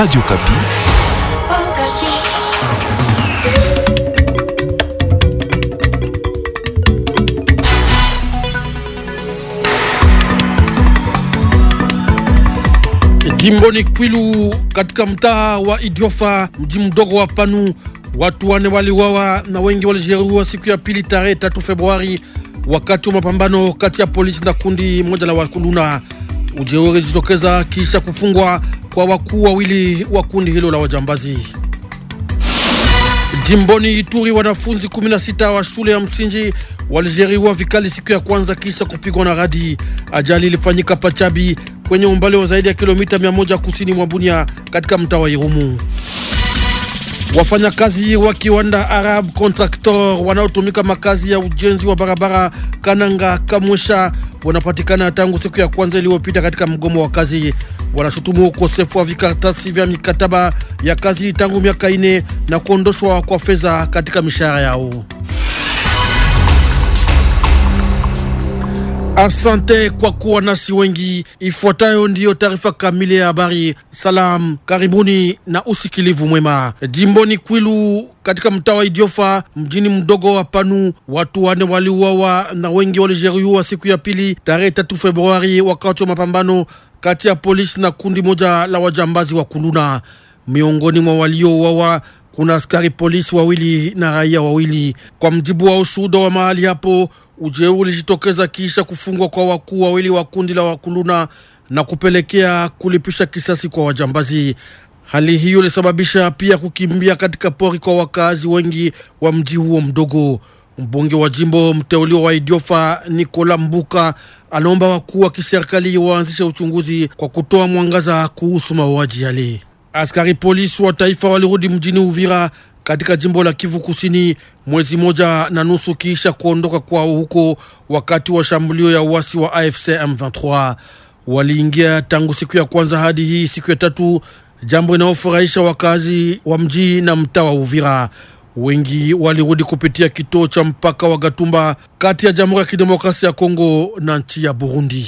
Radio Kapi. Jimboni Kwilu katika mtaa wa Idiofa, mji mdogo wa Panu, watu wane waliwawa na wengi walijeruhiwa siku ya pili tarehe tatu Februari wakati wa mapambano kati ya polisi na kundi moja la Wakuluna. Ujeuri jitokeza kisha kufungwa kwa wakuu wawili wa kundi hilo la wajambazi. Jimboni Ituri, wanafunzi 16 wa shule ya msingi walijeruhiwa vikali siku ya kwanza kisha kupigwa na radi. Ajali ilifanyika Pachabi kwenye umbali wa zaidi ya kilomita 100 kusini mwa Bunia katika mtaa wa Irumu. Wafanyakazi wa kiwanda Arab Contractor wanaotumika makazi ya ujenzi wa barabara Kananga Kamwesha wanapatikana tangu siku ya kwanza iliyopita katika mgomo wa kazi wanashutumu ukosefu wa vikaratasi vya mikataba ya kazi tangu miaka ine na kuondoshwa kwa fedha katika mishahara yao. Asante kwa kuwa nasi wengi. Ifuatayo ndiyo taarifa kamili ya habari. Salam, karibuni na usikilivu mwema. Jimboni Kwilu, katika mtaa wa Idiofa, mjini mdogo wa Panu, watu wane waliuawa na wengi walijeruhiwa siku ya pili, tarehe 3 Februari, wakati wa mapambano kati ya polisi na kundi moja la wajambazi wa Kuluna. Miongoni mwa waliouawa kuna askari polisi wawili na raia wawili. Kwa mjibu wa ushuhuda wa mahali hapo, Ujeu ulijitokeza kisha kufungwa kwa wakuu wawili wa kundi la Wakuluna na kupelekea kulipisha kisasi kwa wajambazi. Hali hiyo ilisababisha pia kukimbia katika pori kwa wakazi wengi wa mji huo mdogo. Mbunge wa jimbo mteuliwa wa Idiofa Nikola Mbuka anaomba wakuu wa kiserikali waanzishe uchunguzi kwa kutoa mwangaza kuhusu mauaji yale. Askari polisi wa taifa walirudi mjini Uvira katika jimbo la Kivu Kusini mwezi moja na nusu kiisha kuondoka kwao huko wakati wa shambulio ya uasi wa AFC M23. Waliingia tangu siku ya kwanza hadi hii siku ya tatu, jambo inayofurahisha wakazi wa mji na mtaa wa Uvira. Wengi walirudi kupitia kituo cha mpaka wa Gatumba kati ya Jamhuri ya Kidemokrasia ya Kongo na nchi ya Burundi.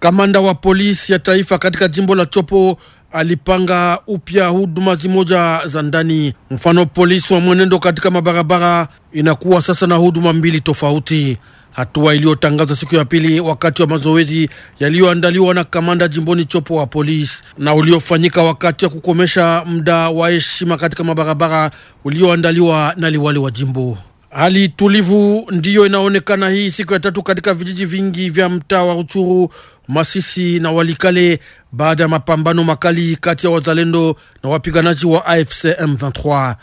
Kamanda wa polisi ya taifa katika jimbo la Chopo alipanga upya huduma zimoja za ndani. Mfano, polisi wa mwenendo katika mabarabara inakuwa sasa na huduma mbili tofauti hatua iliyotangazwa siku ya pili wakati wa mazoezi yaliyoandaliwa na kamanda jimboni Chopo wa polisi na uliofanyika wakati wa kukomesha muda wa heshima katika mabarabara ulioandaliwa na liwali wa jimbo. Hali tulivu ndiyo inaonekana hii siku ya tatu katika vijiji vingi vya mtaa wa Ruchuru, Masisi na Walikale baada ya mapambano makali kati ya wazalendo na wapiganaji wa AFC M23.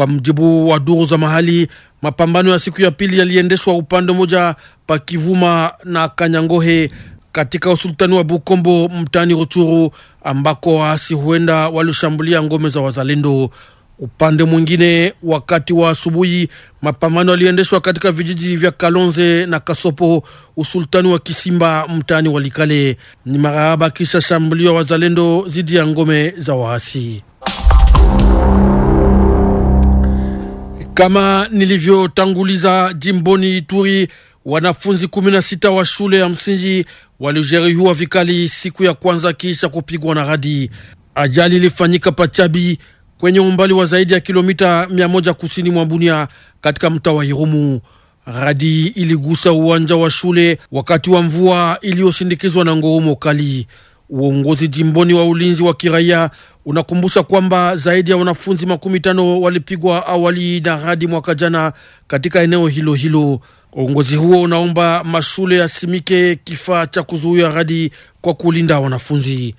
Kwa mjibu wa duru za mahali, mapambano ya siku ya pili yaliendeshwa upande moja pa Kivuma na Kanyangohe katika usultani wa Bukombo mtani Ruchuru, ambako waasi huenda walishambulia ngome za wazalendo. Upande mwingine, wakati wa asubuhi, mapambano yaliendeshwa katika vijiji vya Kalonze na Kasopo, usultani wa Kisimba mtaani Walikale. Ni maraaba kisha shambulio wazalendo dhidi ya ngome za waasi. Kama nilivyotanguliza, jimboni Ituri, wanafunzi 16 wa shule ya msingi walijeruhiwa vikali siku ya kwanza kisha kupigwa na radi. Ajali ilifanyika Pachabi kwenye umbali wa zaidi ya kilomita moja kusini mwa Bunia katika mtaa wa Irumu. Radi iligusa uwanja wa shule wakati wa mvua iliyosindikizwa na ngurumo kali. Uongozi jimboni wa ulinzi wa kiraia unakumbusha kwamba zaidi ya wanafunzi makumi tano walipigwa awali na radi mwaka jana katika eneo hilo hilo. Uongozi huo unaomba mashule yasimike kifaa cha kuzuia radi kwa kulinda wanafunzi.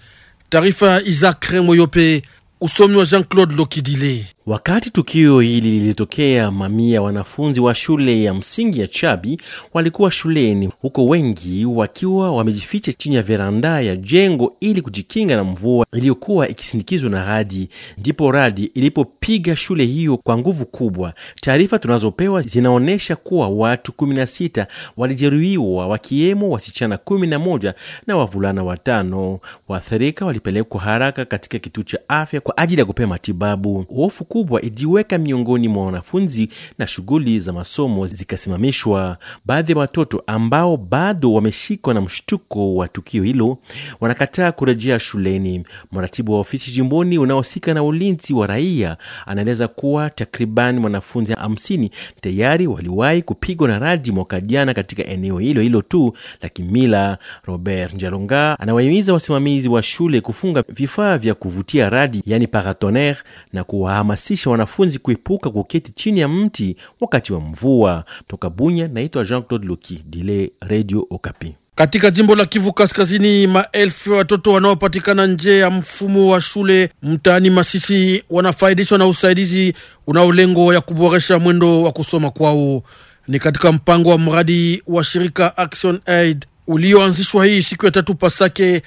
Taarifa Isaac Remoyope, usomi wa Jean Claude Lokidile. Wakati tukio hili lilitokea, mamia wanafunzi wa shule ya msingi ya Chabi walikuwa shuleni huko, wengi wakiwa wamejificha chini ya veranda ya jengo ili kujikinga na mvua iliyokuwa ikisindikizwa na radi. Ndipo radi ilipopiga shule hiyo kwa nguvu kubwa. Taarifa tunazopewa zinaonyesha kuwa watu 16 walijeruhiwa, wakiwemo wasichana 11 na wavulana watano. Waathirika walipelekwa haraka katika kituo cha afya kwa ajili ya kupewa matibabu kubwa ijiweka miongoni mwa wanafunzi na shughuli za masomo zikasimamishwa. Baadhi ya watoto ambao bado wameshikwa na mshtuko wa tukio hilo wanakataa kurejea shuleni. Mratibu wa ofisi jimboni unaohusika na ulinzi wa raia anaeleza kuwa takriban wanafunzi hamsini tayari waliwahi kupigwa na radi mwaka jana katika eneo hilo hilo tu la kimila. Robert Njalonga anawahimiza wasimamizi wa shule kufunga vifaa vya kuvutia radi, yani paratonnerre na kuwahama kuhamasisha wanafunzi kuepuka kuketi chini ya mti wakati wa mvua. Toka Bunya, naitwa Jean Claude Luki Dile, Radio Okapi. Katika jimbo la Kivu Kaskazini, maelfu ya watoto wanaopatikana nje ya mfumo wa shule mtaani Masisi wanafaidishwa na usaidizi unao lengo ya kuboresha mwendo wa kusoma kwao. Ni katika mpango wa mradi wa shirika Action Aid ulioanzishwa hii siku ya tatu Pasake,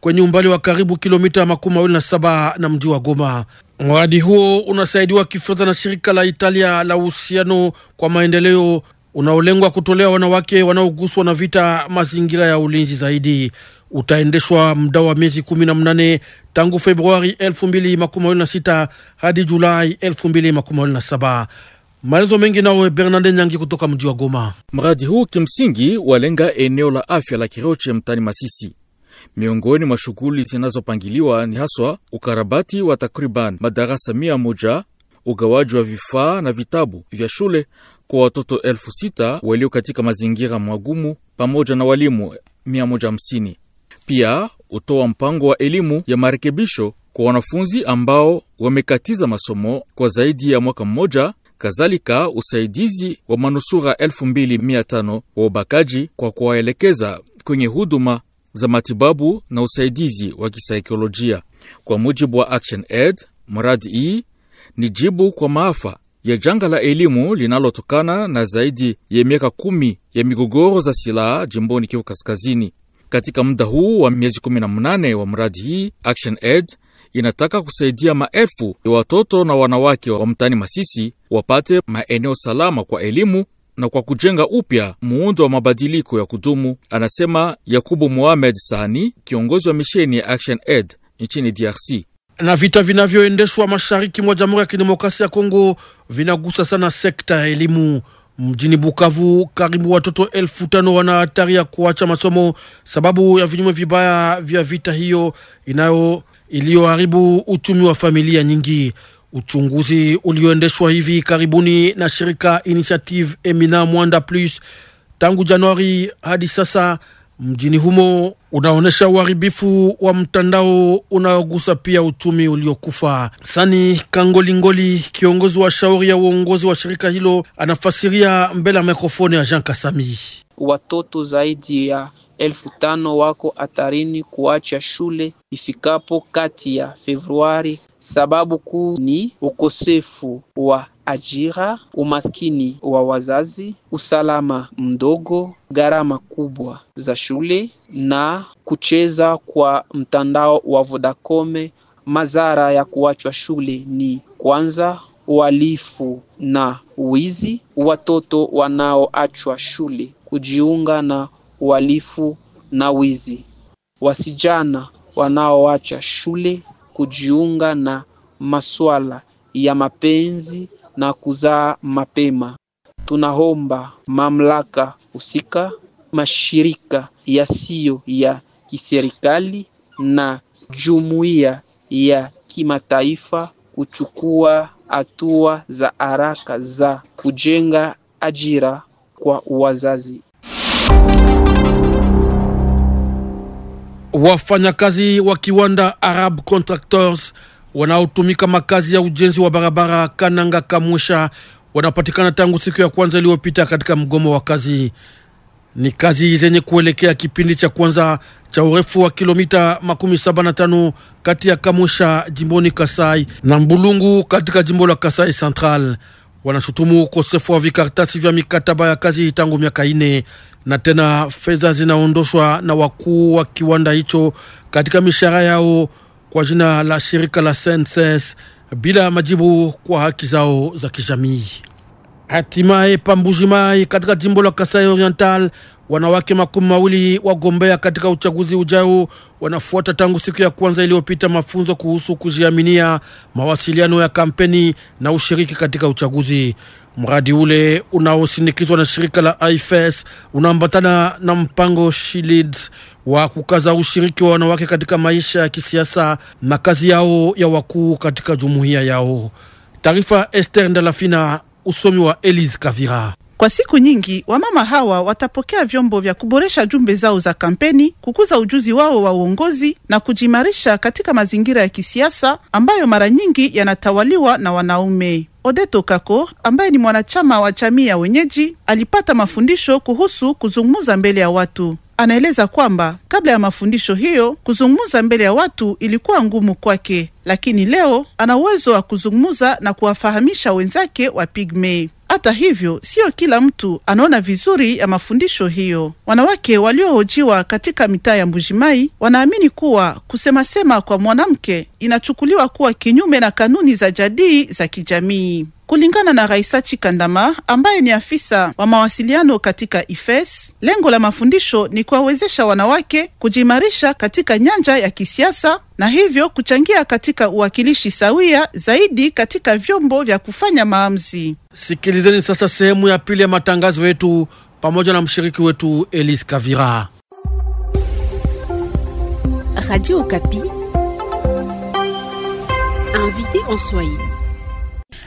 kwenye umbali wa karibu kilomita makumi mawili na saba na mji wa Goma. Mradi huo unasaidiwa kifedha na shirika la Italia la uhusiano kwa maendeleo unaolengwa kutolea wanawake wanaoguswa na vita mazingira ya ulinzi zaidi. Utaendeshwa muda wa miezi kumi na mnane tangu Februari elfu mbili makumi mawili na sita hadi Julai elfu mbili makumi mawili na saba. Maelezo mengi nawe Bernarde Nyangi kutoka mji wa Goma. Mradi huu kimsingi walenga eneo la afya la Kiroche mtani Masisi. Miongoni mwa shughuli zinazopangiliwa ni haswa ukarabati wa takriban madarasa mia moja, ugawaji wa vifaa na vitabu vya shule kwa watoto elfu sita walio katika mazingira magumu pamoja na walimu 150. Pia hutoa mpango wa elimu ya marekebisho kwa wanafunzi ambao wamekatiza masomo kwa zaidi ya mwaka mmoja. Kadhalika, usaidizi wa manusura 2500 wa ubakaji kwa kuwaelekeza kwenye huduma za matibabu na usaidizi wa kisaikolojia. Kwa mujibu wa Action Aid, mradi hii ni jibu kwa maafa ya janga la elimu linalotokana na zaidi ya miaka kumi ya migogoro za silaha jimboni Kivu Kaskazini. Katika muda huu wa miezi 18 wa mradi hii, Action Aid inataka kusaidia maelfu ya watoto na wanawake wa mtaani Masisi wapate maeneo salama kwa elimu na kwa kujenga upya muundo wa mabadiliko ya kudumu, anasema Yakubu Mohamed Sahani, kiongozi wa misheni ya Action Aid nchini DRC. Na vita vinavyoendeshwa mashariki mwa Jamhuri ya Kidemokrasia ya Kongo vinagusa sana sekta ya elimu. Mjini Bukavu, karibu watoto elfu tano wana hatari ya kuacha masomo sababu ya vinyume vibaya vya vita hiyo inayo iliyoharibu uchumi wa familia nyingi. Uchunguzi ulioendeshwa hivi karibuni na shirika Initiative Emina Mwanda Plus tangu Januari hadi sasa mjini humo unaonyesha uharibifu wa mtandao unaogusa pia uchumi uliokufa. Sani Kangolingoli, kiongozi wa shauri ya uongozi wa shirika hilo, anafasiria mbele ya mikrofoni ya Jean Kasami. Watoto zaidi ya elfu tano wako hatarini kuacha shule ifikapo kati ya Februari Sababu kuu ni ukosefu wa ajira, umaskini wa wazazi, usalama mdogo, gharama kubwa za shule na kucheza kwa mtandao wa Vodacom. Madhara ya kuachwa shule ni kwanza, uhalifu na wizi. Watoto wanaoachwa shule kujiunga na uhalifu na wizi. Wasichana wanaoacha shule kujiunga na masuala ya mapenzi na kuzaa mapema. Tunaomba mamlaka husika, mashirika yasiyo ya kiserikali na jumuiya ya kimataifa kuchukua hatua za haraka za kujenga ajira kwa wazazi. Wafanyakazi wa kiwanda Arab Contractors wanaotumika makazi ya ujenzi wa barabara Kananga Kamwesha wanapatikana tangu siku ya kwanza iliyopita katika mgomo wa kazi. Ni kazi zenye kuelekea kipindi cha kwanza cha urefu wa kilomita makumi saba na tano kati ya Kamwesha jimboni Kasai na Mbulungu katika jimbo la Kasai Central. Wanashutumu ukosefu wa vikartasi vya mikataba ya kazi tangu miaka ine na tena fedha zinaondoshwa na wakuu wa kiwanda hicho katika mishahara yao kwa jina la shirika la Senses bila majibu kwa haki zao za kijamii. Hatimaye Pambujimai katika jimbo la Kasai Oriental, wanawake makumi mawili wagombea katika uchaguzi ujao wanafuata tangu siku ya kwanza iliyopita mafunzo kuhusu kujiaminia, mawasiliano ya kampeni na ushiriki katika uchaguzi. Mradi ule unaosindikizwa na shirika la IFES unaambatana na mpango SHILID wa kukaza ushiriki wa wanawake katika maisha ya kisiasa na kazi yao ya wakuu katika jumuiya yao. Taarifa Esther Ndalafina, usomi wa Elise Kavira. Kwa siku nyingi wamama hawa watapokea vyombo vya kuboresha jumbe zao za kampeni, kukuza ujuzi wao wa uongozi na kujimarisha katika mazingira ya kisiasa ambayo mara nyingi yanatawaliwa na wanaume. Odeto Kako ambaye ni mwanachama wa jamii ya wenyeji alipata mafundisho kuhusu kuzungumza mbele ya watu. Anaeleza kwamba kabla ya mafundisho hiyo, kuzungumza mbele ya watu ilikuwa ngumu kwake, lakini leo ana uwezo wa kuzungumza na kuwafahamisha wenzake wa pigme. Hata hivyo, sio kila mtu anaona vizuri ya mafundisho hiyo. Wanawake waliohojiwa katika mitaa ya Mbujimai wanaamini kuwa kusemasema kwa mwanamke inachukuliwa kuwa kinyume na kanuni za jadii za kijamii. Kulingana na Raisa Chikandama ambaye ni afisa wa mawasiliano katika IFES, lengo la mafundisho ni kuwawezesha wanawake kujiimarisha katika nyanja ya kisiasa na hivyo kuchangia katika uwakilishi sawia zaidi katika vyombo vya kufanya maamuzi. Sikilizeni sasa sehemu ya pili ya matangazo yetu pamoja na mshiriki wetu Elise Kavira. Radio Okapi, invité en Swahili.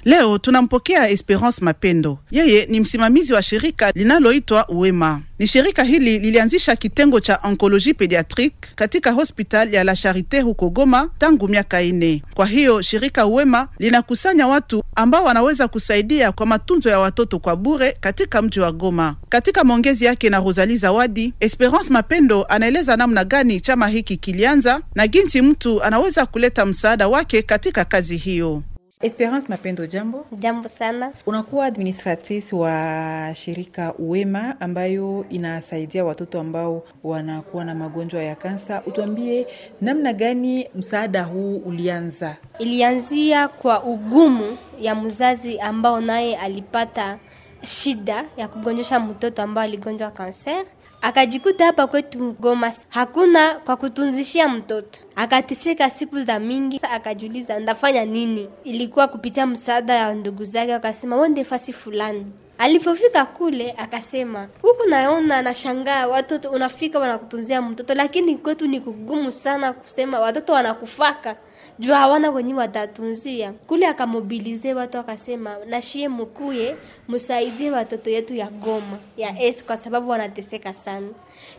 Leo tunampokea Esperance Mapendo. Yeye ni msimamizi wa shirika linaloitwa Uwema. Ni shirika hili lilianzisha kitengo cha onkoloji pediatrique katika hospitali ya La Charite huko Goma tangu miaka ine. Kwa hiyo shirika Uwema linakusanya watu ambao wanaweza kusaidia kwa matunzo ya watoto kwa bure katika mji wa Goma. Katika maongezi yake na Rosalie Zawadi, Esperance Mapendo anaeleza namna gani chama hiki kilianza na jinsi mtu anaweza kuleta msaada wake katika kazi hiyo. Esperance Mapendo, jambo. Jambo sana. Unakuwa administratrice wa shirika Uwema ambayo inasaidia watoto ambao wanakuwa na magonjwa ya kansa. Utuambie namna gani msaada huu ulianza? Ilianzia kwa ugumu ya mzazi ambao naye alipata shida ya kugonjesha mtoto ambao aligonjwa kanser akajikuta hapa kwetu Goma hakuna kwa kutunzishia mtoto, akateseka siku za mingi. Sasa akajiuliza ndafanya nini? Ilikuwa kupitia msaada ya ndugu zake, akasema wende fasi fulani. Alipofika kule akasema, huku naona nashangaa, watoto unafika wanakutunzia mtoto, lakini kwetu ni kugumu sana kusema watoto wanakufaka juu hawana kwenye watatunzia kule. Akamobilize watu akasema, nashie mukuye msaidie watoto yetu ya Goma ya es, kwa sababu wanateseka sana.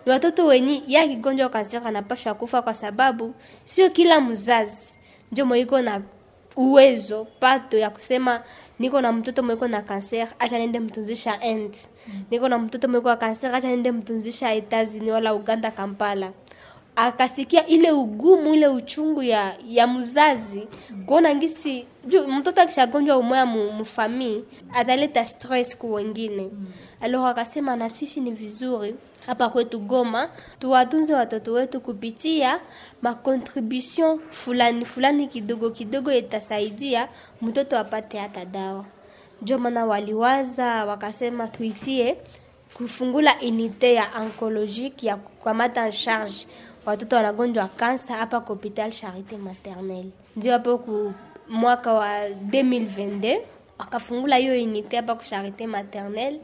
Ni watoto wenye ya kigonjwa kansia kanapasha kufa, kwa sababu sio kila mzazi ndio mwiko na uwezo pato ya kusema niko na mtoto mweko na kanser, acha nende mtunzisha end. Mm. Niko na mtoto mweko na kanser, acha nende mtunzisha Etazini wala Uganda, Kampala akasikia ile ugumu ile uchungu ya ya mzazi kuona ngisi juu mtoto akishagonjwa umoya mfamii ataleta stress ku wengine. Alo akasema na sisi ni vizuri hapa kwetu Goma tuwatunze watoto wetu kupitia makontribution fulani fulani, kidogo kidogo itasaidia mtoto apate hata dawa. Ndio maana waliwaza wakasema tuitie kufungula unité ya oncologik ya kukamata en charge watoto wanagonjwa wa kansa hapa Hopital Charite Maternel. ndio hapo ku mwaka wa 2022 wakafungula hiyo unité hapa ku Charite Maternel,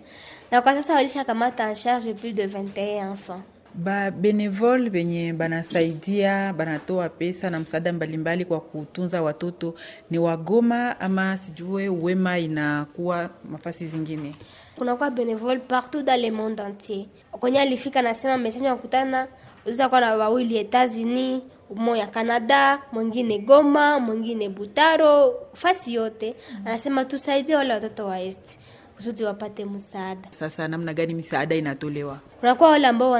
na kwa sasa walisha kamata en charge plus de 21 enfants ba benevol benye banasaidia banatoa pesa na msaada mbalimbali kwa kutunza watoto ni wagoma ama sijue wema inakuwa mafasi zingine kunakuwa benevol partout dans le monde entier kwenye alifika nasema mesenye wakutana uza kwa na wawili Etazini, mmoja Kanada, mwingine Goma, mwingine Butaro, fasi yote mm. anasema tusaidie wale watoto wa est kusudi wapate msaada. Sasa namna gani misaada inatolewa? Kunakuwa wale ambao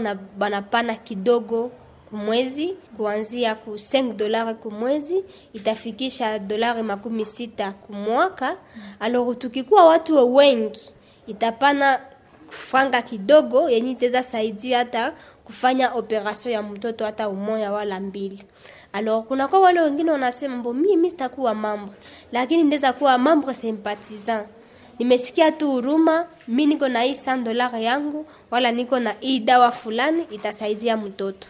wanapana kidogo kumwezi kuanzia ku 5 dolari kumwezi itafikisha dolari makumi sita kumwaka. Mm. Alors tukikuwa watu wengi itapana franga kidogo yenye itaweza saidia hata kufanya operation ya mtoto hata umoya wala mbili. Alors kuna kwa wale wengine wanasema mbo mimi mimi sitakuwa mambo, lakini ndeza kuwa mambre sympathisant nimesikia tu huruma, mimi niko na hii sandolar yangu, wala niko na hii dawa fulani itasaidia mtoto.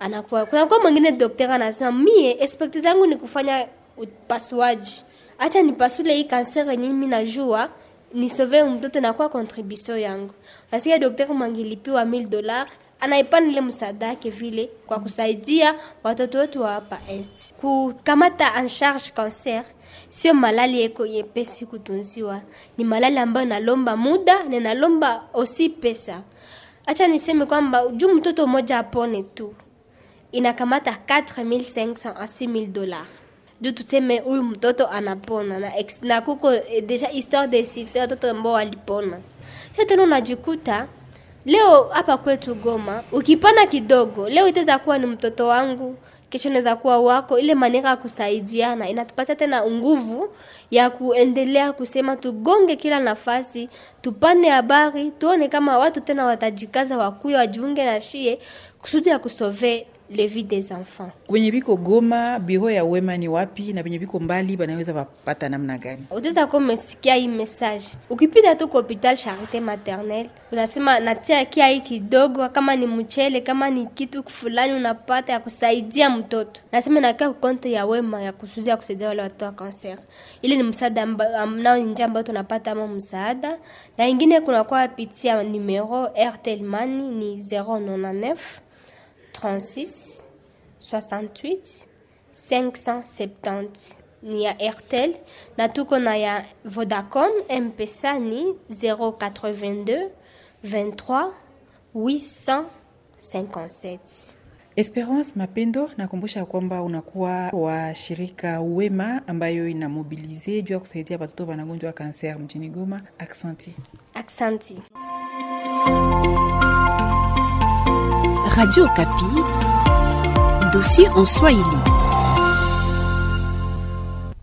Anakuwa kuna kwa mwingine daktari anasema mie expect zangu ni kufanya upasuaji, acha nipasule hii kanseri yenye mimi najua ni nisove mtoto, na kwa contribution yangu. Nasikia daktari mwangilipiwa 1000 dollars anaipana ile msaada yake vile kwa kusaidia watoto wetu wa hapa est. Kukamata en charge cancer sio malali yeko yepesi kutunziwa, ni malali ambayo nalomba muda na inalomba osi pesa. Acha niseme kwamba juu mtoto mmoja apone tu inakamata 4500 a 6000 dollars juu tuseme huyu mtoto anapona na, na kuko eh, deja histoire de succès watoto ambao walipona. Sasa tena unajikuta Leo hapa kwetu Goma ukipana kidogo, leo itaweza kuwa ni mtoto wangu, kesho inaweza kuwa wako. Ile maneno ya kusaidiana inatupatia tena nguvu ya kuendelea kusema, tugonge kila nafasi, tupane habari, tuone kama watu tena watajikaza, wakuya wajiunge na shie kusudi ya kusove les des enfants. Wenye biko Goma, biro ya Wema ni wapi na kwenye biko mbali banaweza wapata namna gani? Utaweza kuwa umesikia hii message. Ukipita tu kwa hospital Charite maternel, unasema natia kia hii kidogo, kama ni mchele, kama ni kitu fulani unapata ya kusaidia mtoto. Nasema nakia kwa ya Wema ya kusuzia kusaidia wale watu wa kanser. Ile ni msaada mnao ni njia ambayo tunapata ama msaada. Na ingine kuna kwa pitia numero RTL Mani ni 099 36 68 570 Nia Ertel, Natukonaya ya Vodacom m ni 082 23 857. Espérance Mapendo, nakumbusha kwamba unakuwa wa shirika Wema ambayo inamobilize juu ya kusaidia watoto wanagonjwa cancer kanser mjini Goma. Radio Kapi. Dossier en Swahili.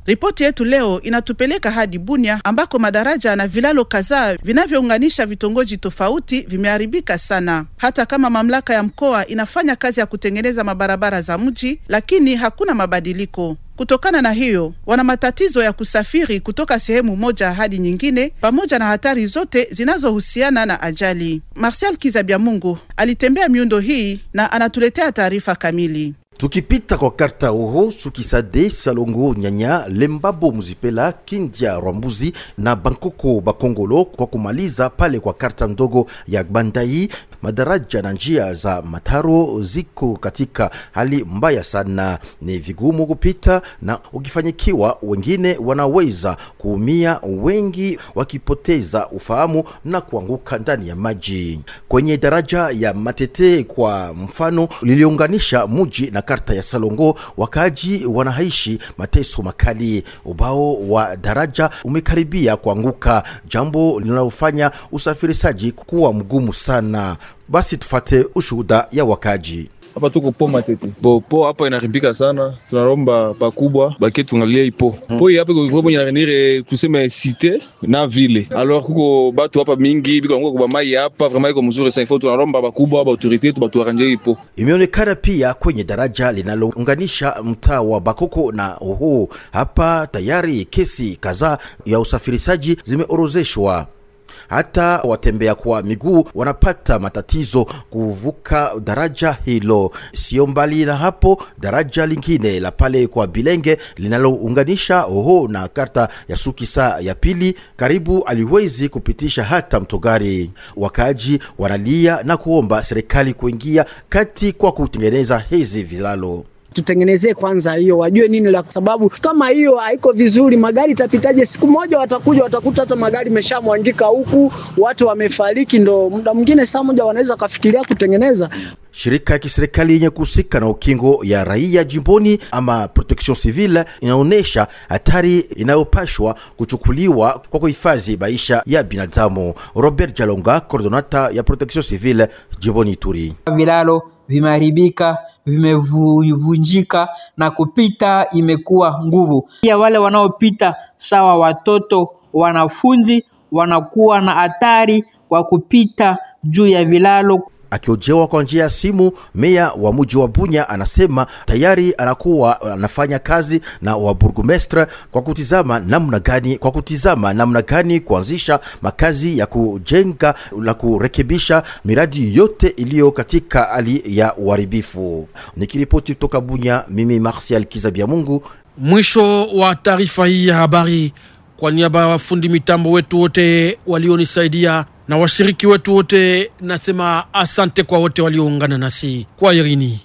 Ripoti yetu leo inatupeleka hadi Bunia ambako madaraja na vilalo kadhaa vinavyounganisha vitongoji tofauti vimeharibika sana. Hata kama mamlaka ya mkoa inafanya kazi ya kutengeneza mabarabara za mji, lakini hakuna mabadiliko. Kutokana na hiyo, wana matatizo ya kusafiri kutoka sehemu moja hadi nyingine, pamoja na hatari zote zinazohusiana na ajali. Martial Kizabiamungu alitembea miundo hii na anatuletea taarifa kamili tukipita kwa karta oho sukisade salongo nyanya lembabo muzipela kindia rwambuzi na bankoko bakongolo kwa kumaliza pale kwa karta ndogo ya bandai madaraja na njia za mataro ziko katika hali mbaya sana ni vigumu kupita na ukifanyikiwa wengine wanaweza kuumia wengi wakipoteza ufahamu na kuanguka ndani ya maji kwenye daraja ya matete kwa mfano liliunganisha muji na karta ya Salongo, wakaaji wanahaishi mateso makali. Ubao wa daraja umekaribia kuanguka, jambo linalofanya usafirishaji kuwa mgumu sana. Basi tufate ushuhuda ya wakaaji hapa tuko po matete bo po hapa inaribika sana, tunaromba pakubwa bake tungalia ipo hmm. po hapa iko kwenye navenire tuseme cité na ville alors kuko batu hapa mingi biko ngo kwa mai hapa vraiment iko mzuri sana, ifo tunaromba pakubwa ba autorite tu batu aranje ipo. Imeonekana pia kwenye daraja linalounganisha mtaa wa Bakoko na Oho hapa tayari kesi kadhaa ya usafirishaji zimeorozeshwa hata watembea kwa miguu wanapata matatizo kuvuka daraja hilo. Sio mbali na hapo, daraja lingine la pale kwa Bilenge linalounganisha oho na karta ya Sukisa ya pili karibu aliwezi kupitisha hata mtogari. Wakaaji wanalia na kuomba serikali kuingia kati kwa kutengeneza hizi vilalo tutengenezee kwanza hiyo, wajue nini la sababu. Kama hiyo haiko vizuri, magari itapitaje? Siku moja watakuja watakuta hata magari meshamwangika huku, watu wamefariki, ndo muda mwingine saa moja wanaweza wakafikiria kutengeneza. Shirika ya kiserikali yenye kuhusika na ukingo ya raia jimboni ama protection civile inaonyesha hatari inayopashwa kuchukuliwa kwa kuhifadhi maisha ya binadamu. Robert Jalonga, coordonata ya protection civile jimboni Ituri. Vilalo vimeharibika, vimevunjika na kupita imekuwa nguvu. Pia wale wanaopita sawa watoto, wanafunzi wanakuwa na hatari kwa kupita juu ya vilalo. Akiojewa kwa njia ya simu, meya wa mji wa Bunya anasema tayari anakuwa anafanya kazi na waburgumestre kwa kutizama namna gani kwa kutizama namna gani kuanzisha makazi ya kujenga na kurekebisha miradi yote iliyo katika hali ya uharibifu. Nikiripoti kutoka Bunya, mimi Martial Kizabia Mungu. Mwisho wa taarifa hii ya habari, kwa niaba ya wafundi mitambo wetu wote walionisaidia na washiriki wetu wote, nasema asante kwa wote walioungana nasi kwa Irini.